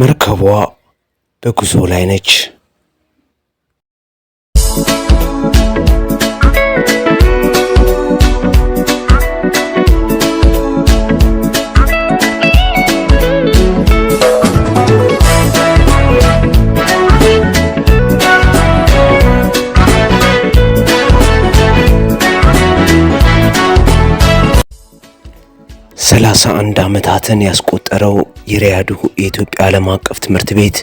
መርከቧ በጉዞ ላይ ነች። ሰላሳ አንድ ዓመታትን ያስቆጠረው የሪያዱ የኢትዮጵያ ዓለም አቀፍ ትምህርት ቤት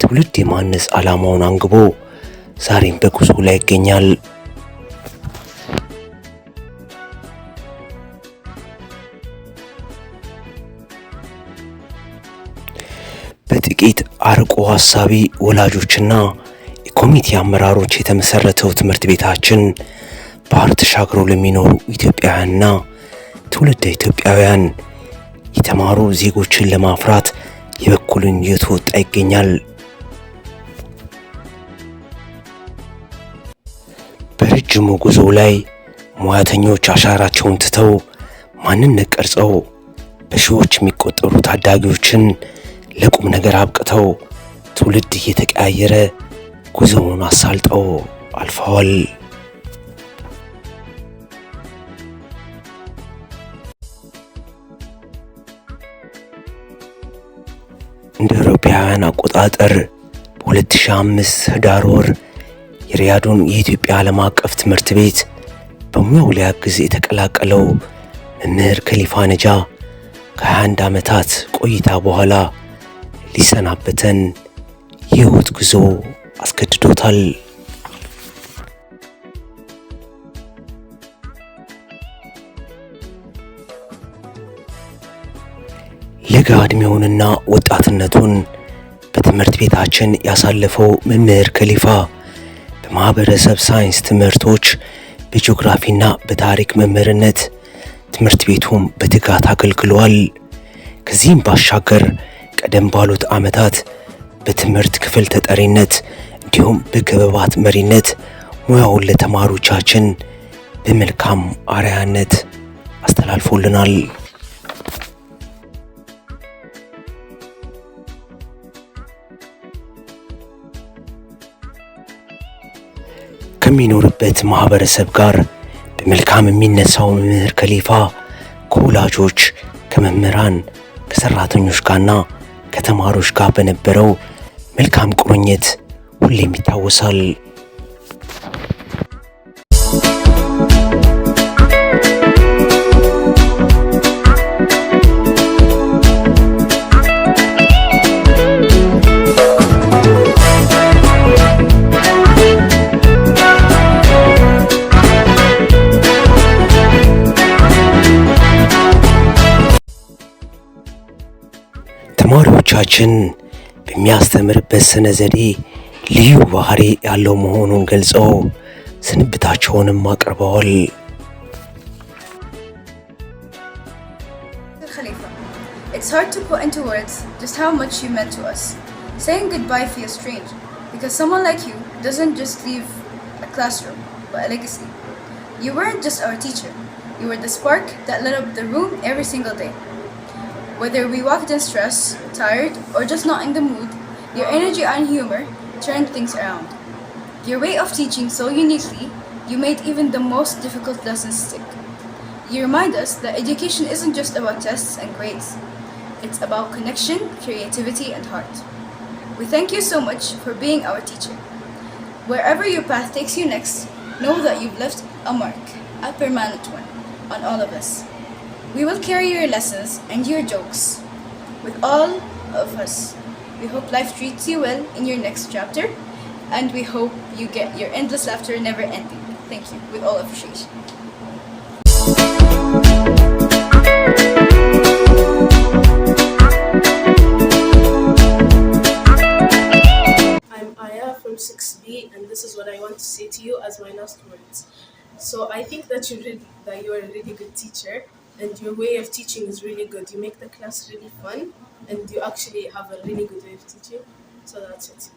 ትውልድ የማነጽ ዓላማውን አንግቦ ዛሬም በጉዞ ላይ ይገኛል። በጥቂት አርቆ ሀሳቢ ወላጆችና የኮሚቴ አመራሮች የተመሰረተው ትምህርት ቤታችን ባህር ተሻግሮ ለሚኖሩ ኢትዮጵያውያንና ትውልደ ኢትዮጵያውያን የተማሩ ዜጎችን ለማፍራት የበኩሉን እየተወጣ ይገኛል። በረጅሙ ጉዞ ላይ ሙያተኞች አሻራቸውን ትተው ማንነት ቀርጸው በሺዎች የሚቆጠሩ ታዳጊዎችን ለቁም ነገር አብቅተው ትውልድ እየተቀያየረ ጉዞውን አሳልጠው አልፈዋል። አውሮፓውያን አቆጣጠር በ2005 ህዳር ወር የሪያዱን የኢትዮጵያ ዓለም አቀፍ ትምህርት ቤት በመውሊያ ጊዜ የተቀላቀለው መምህር ከሊፋ ነጃ ከ21 ዓመታት ቆይታ በኋላ ሊሰናበተን የህይወት ጉዞ አስገድዶታል። ለጋ ዕድሜውንና ወጣትነቱን ትምህርት ቤታችን ያሳለፈው መምህር ከሊፋ በማህበረሰብ ሳይንስ ትምህርቶች በጂኦግራፊና በታሪክ መምህርነት ትምህርት ቤቱም በትጋት አገልግሏል። ከዚህም ባሻገር ቀደም ባሉት ዓመታት በትምህርት ክፍል ተጠሪነት እንዲሁም በክበባት መሪነት ሙያውን ለተማሪዎቻችን በመልካም አርያነት አስተላልፎልናል። ከሚኖርበት ማህበረሰብ ጋር በመልካም የሚነሳው መምህር ከሌፋ ከወላጆች ከመምህራን ከሰራተኞች ጋርና ከተማሪዎች ጋር በነበረው መልካም ቁርኝት ሁሌም ይታወሳል። It's hard to put into words just how much you meant to us. Saying goodbye feels strange because someone like you doesn't just leave a classroom, but a legacy. You weren't just our teacher, you were the spark that lit up the room every single day. Whether we walk stress, tired, or just not in the mood, your energy and humor turned things around. Your way of teaching so uniquely, you made even the most difficult lessons stick. You remind us that education isn't just about tests and grades, it's about connection, creativity, and heart. We thank you so much for being our teacher. Wherever your path takes you next, know that you've left a mark, a permanent one, on all of us. We will carry your lessons and your jokes with all of us. We hope life treats you well in your next chapter, and we hope you get your endless laughter never ending. Thank you, with all appreciation. I'm Aya from 6B, and this is what I want to say to you as my last words. So I think that you that you are a really good teacher and your way of teaching is really good. You make the class really fun, and you actually have a really good way of teaching. So that's it.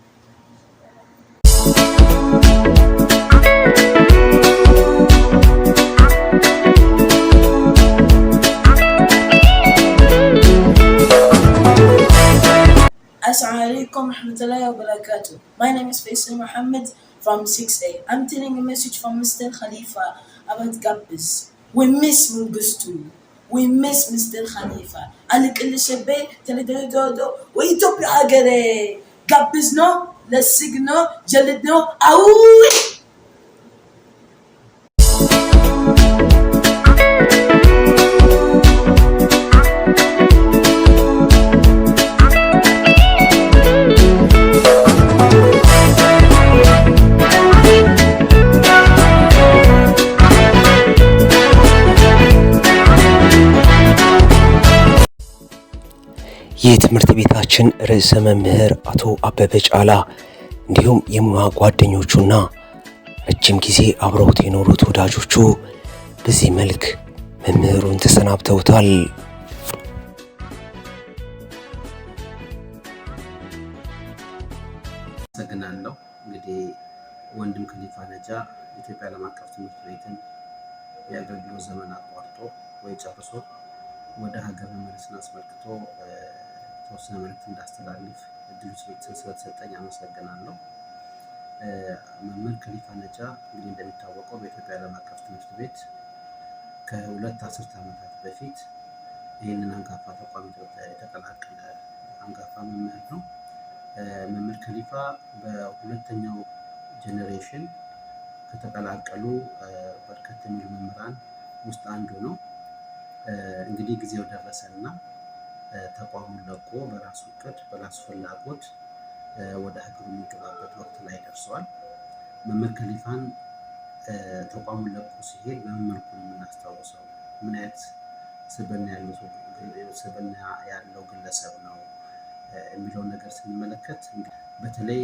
warahmatullahi wabarakatuh. My name is Faisal Muhammad from 6A. I'm telling a message from Mr. Khalifa about Gabbis. We miss መንግስቱ we miss Mr. Khalifa አልቅልሽቤ ተለደዶ ወኢትዮጵያ ሀገሬ ጋብዝ ነው ለስግ ነው ጀልድ ነው የትምህርት ቤታችን ርዕሰ መምህር አቶ አበበ ጫላ እንዲሁም የሙያ ጓደኞቹና ረጅም ጊዜ አብረውት የኖሩት ወዳጆቹ በዚህ መልክ መምህሩን ተሰናብተውታል። አመሰግናለሁ። እንግዲህ ወንድም ክሊፋ ነጃ ኢትዮጵያ ዓለም አቀፍ ትምህርት ቤትን የአገልግሎት ዘመን አቋርጦ ወይ ጨርሶ ወደ ሀገር መመለስን አስመልክቶ ተወሰነ መልእክት እንዳስተላልፍ እድሉ ስለተሰጠኝ አመሰግናለሁ። መምህር ከሊፋ ነጃ እንግዲህ እንደሚታወቀው በኢትዮጵያ ዓለም አቀፍ ትምህርት ቤት ከሁለት አስርት ዓመታት በፊት ይህንን አንጋፋ ተቋም ኢትዮጵያ የተቀላቀለ አንጋፋ መምህር ነው። መምህር ከሊፋ በሁለተኛው ጀኔሬሽን ከተቀላቀሉ በርከት የሚሉ መምህራን ውስጥ አንዱ ነው። እንግዲህ ጊዜው ደረሰ እና ተቋሙን ለቆ በራሱ እቅድ በራሱ ፍላጎት ወደ ሀገሩ የሚገባበት ወቅት ላይ ደርሰዋል። መምህር ከሊፋን ተቋሙን ለቆ ሲሄድ በምን መልኩ ነው የምናስታውሰው? ምን አይነት ስብዕና ያለው ግለሰብ ነው የሚለውን ነገር ስንመለከት በተለይ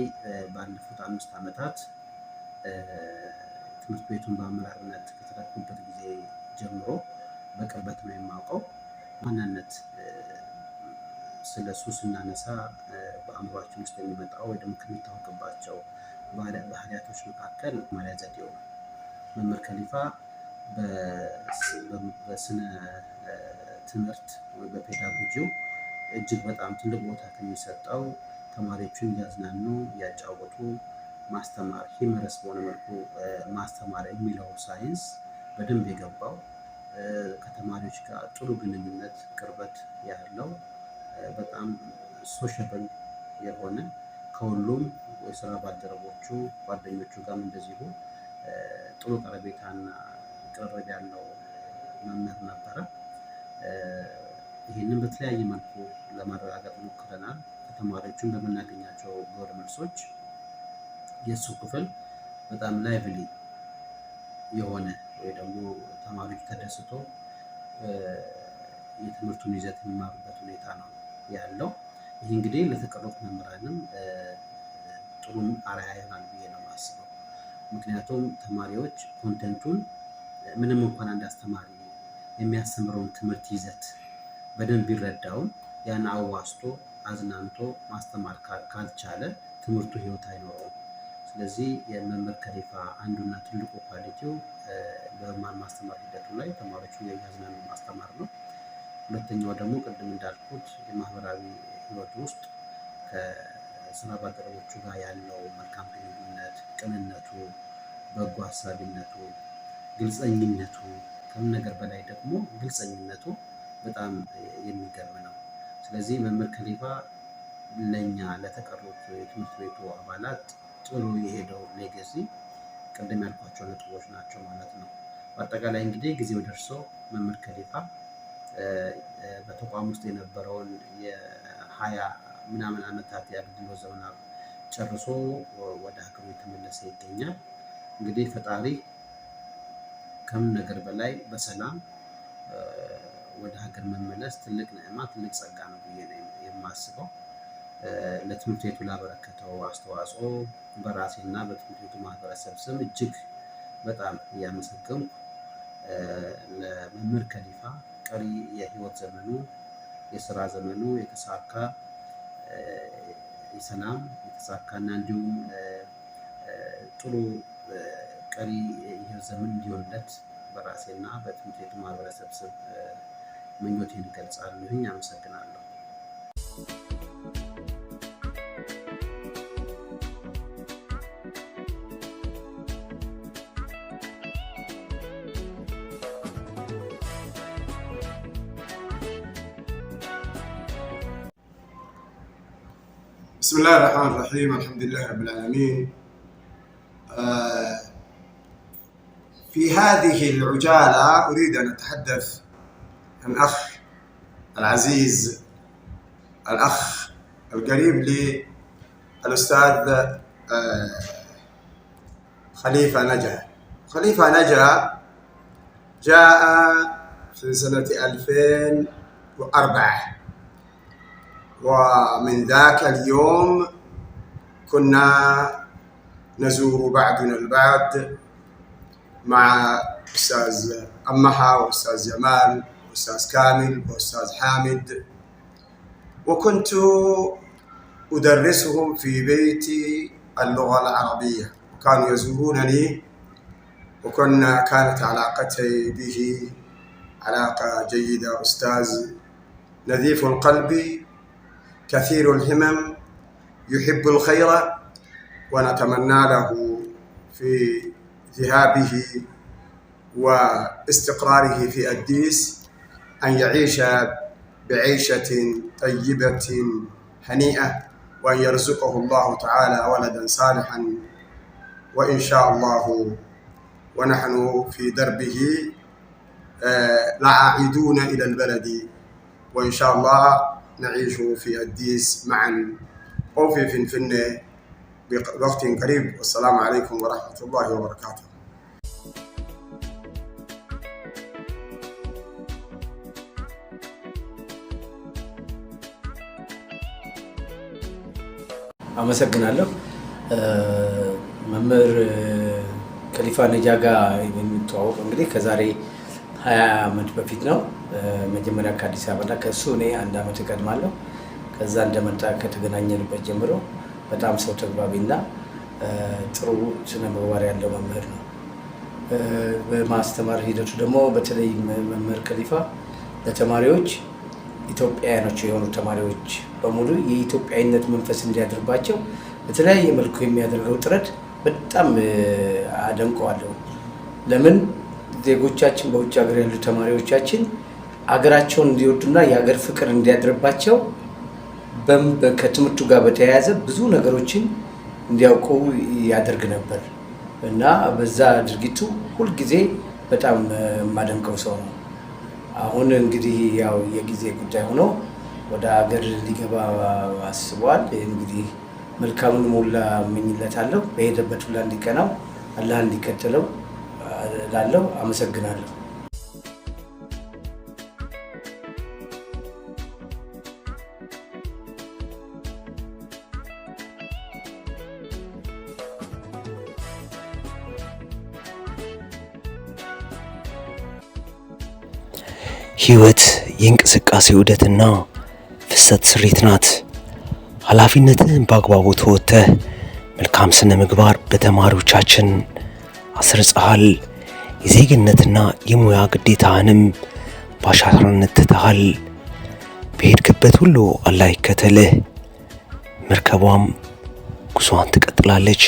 ባለፉት አምስት ዓመታት ትምህርት ቤቱን በአመራርነት ከተረኩበት ጊዜ ጀምሮ በቅርበት ነው የማውቀው ማንነት ስለ እሱ ስናነሳ በአእምሯችን ውስጥ የሚመጣው ወይ ደግሞ ከሚታወቅባቸው ባህሪያቶች መካከል ማሪያ ዘዴው ነው። መምህር ከሊፋ በስነ ትምህርት ወይ በፔዳጎጂው እጅግ በጣም ትልቅ ቦታ ከሚሰጠው ተማሪዎችን እያዝናኑ እያጫወቱ ማስተማር ሂመረስ በሆነ መልኩ ማስተማር የሚለው ሳይንስ በደንብ የገባው ከተማሪዎች ጋር ጥሩ ግንኙነት ቅርበት ያለው በጣም ሶሻብል የሆነ ከሁሉም የስራ ባልደረቦቹ ጓደኞቹ ጋርም እንደዚሁ ጥሩ ቀረቤታና ቅርርብ ያለው መምህር ነበረ። ይህንን በተለያየ መልኩ ለማረጋገጥ ሞክረናል። ከተማሪዎቹን በምናገኛቸው ግብረ መልሶች የእሱ ክፍል በጣም ላይቭሊ የሆነ ወይ ደግሞ ተማሪዎች ተደስቶ የትምህርቱን ይዘት የሚማሩበት ሁኔታ ነው ያለው ይህ እንግዲህ ለተቀሩት መምህራንም ጥሩም አርአያ ይሆናል ብዬ ነው የማስበው። ምክንያቱም ተማሪዎች ኮንተንቱን ምንም እንኳን አንድ አስተማሪ የሚያስተምረውን ትምህርት ይዘት በደንብ ቢረዳውም ያን አዋስቶ አዝናንቶ ማስተማር ካልቻለ ትምህርቱ ህይወት አይኖረውም። ስለዚህ የመምህር ከሊፋ አንዱና ትልቁ ኳሊቲው በመማር ማስተማር ሂደቱ ላይ ተማሪዎችን የሚያዝናኑ ማስተማር ነው። ሁለተኛው ደግሞ ቅድም እንዳልኩት የማህበራዊ ህይወት ውስጥ ከስራ ባልደረቦቹ ጋር ያለው መልካም ግንኙነት፣ ቅንነቱ፣ በጎ ሀሳቢነቱ፣ ግልፀኝነቱ ከምን ነገር በላይ ደግሞ ግልፀኝነቱ በጣም የሚገርም ነው። ስለዚህ መምህር ከሌባ ለእኛ ለተቀሩት የትምህርት ቤቱ አባላት ጥሩ የሄደው ሌገሲ ቅድም ያልኳቸው ነጥቦች ናቸው ማለት ነው። በአጠቃላይ እንግዲህ ጊዜው ደርሶ መምህር ከሌባ በተቋም ውስጥ የነበረውን የሀያ ምናምን ዓመታት የአገልግሎት ዘመን ጨርሶ ወደ ሀገሩ የተመለሰ ይገኛል። እንግዲህ ፈጣሪ ከምን ነገር በላይ በሰላም ወደ ሀገር መመለስ ትልቅ ንዕማ፣ ትልቅ ጸጋ ነው ብዬ ነው የማስበው። ለትምህርት ቤቱ ላበረከተው አስተዋጽኦ በራሴና በትምህርት ቤቱ ማህበረሰብ ስም እጅግ በጣም እያመሰገንኩ ለመምህር ከሊፋ ቀሪ የህይወት ዘመኑ የስራ ዘመኑ የተሳካ የሰላም የተሳካና እንዲሁም ጥሩ ቀሪ የህይወት ዘመን እንዲሆንለት በራሴና በትምህርት ቤቱ ማህበረሰብ ስብ ምኞቴን እገልጻለሁኝ። አመሰግናለሁ። بسم الله الرحمن الرحيم الحمد لله رب العالمين آه، في هذه العجالة أريد أن أتحدث عن أخ العزيز الأخ القريب لي الأستاذ آه، خليفة نجا خليفة نجا جاء في سنة 2004 ومن ذاك اليوم كنا نزور بعضنا البعض مع أستاذ أمها وأستاذ جمال وأستاذ كامل وأستاذ حامد وكنت أدرسهم في بيتي اللغة العربية كانوا يزورونني وكنا كانت علاقتي به علاقة جيدة أستاذ نذيف القلب كثير الهمم يحب الخير ونتمنى له في ذهابه واستقراره في أديس أن يعيش بعيشة طيبة هنيئة وأن يرزقه الله تعالى ولدا صالحا وإن شاء الله ونحن في دربه آه، لعائدون إلى البلد وإن شاء الله نعيش في الديس معا أو في فنفنة بوقت قريب والسلام عليكم ورحمة الله وبركاته አመሰግናለሁ። መምህር ከሊፋ ነጃ ጋር የምንተዋወቅ እንግዲህ ከዛሬ ሀያ ዓመት በፊት ነው። መጀመሪያ ከአዲስ አበባና ከእሱ እኔ አንድ ዓመት እቀድማለሁ። ከዛ እንደመጣ ከተገናኘንበት ጀምሮ በጣም ሰው ተግባቢና ጥሩ ስነ ምግባር ያለው መምህር ነው። በማስተማር ሂደቱ ደግሞ በተለይ መምህር ከሊፋ ለተማሪዎች ኢትዮጵያውያኖች የሆኑ ተማሪዎች በሙሉ የኢትዮጵያዊነት መንፈስ እንዲያድርባቸው በተለያየ መልኩ የሚያደርገው ጥረት በጣም አደንቀዋለሁ። ለምን ዜጎቻችን በውጭ ሀገር ያሉ ተማሪዎቻችን አገራቸውን እንዲወዱና የሀገር ፍቅር እንዲያድርባቸው ከትምህርቱ ጋር በተያያዘ ብዙ ነገሮችን እንዲያውቁ ያደርግ ነበር እና በዛ ድርጊቱ ሁልጊዜ በጣም የማደንቀው ሰው ነው። አሁን እንግዲህ ያው የጊዜ ጉዳይ ሆኖ ወደ ሀገር ሊገባ አስቧል። እንግዲህ መልካሙን ሞላ እመኝለታለሁ። በሄደበት ሁላ እንዲቀናው አላህ እንዲከተለው ላለው አመሰግናለሁ። ህይወት የእንቅስቃሴ ውደትና ፍሰት ስሪት ናት። ኃላፊነትን በአግባቡ ተወጥተህ መልካም ስነ ምግባር በተማሪዎቻችን አስርጸሃል። የዜግነትና የሙያ ግዴታህንም በአሻራነት ትተሃል። በሄድክበት ሁሉ አላህ ይከተልህ። መርከቧም ጉዞዋን ትቀጥላለች።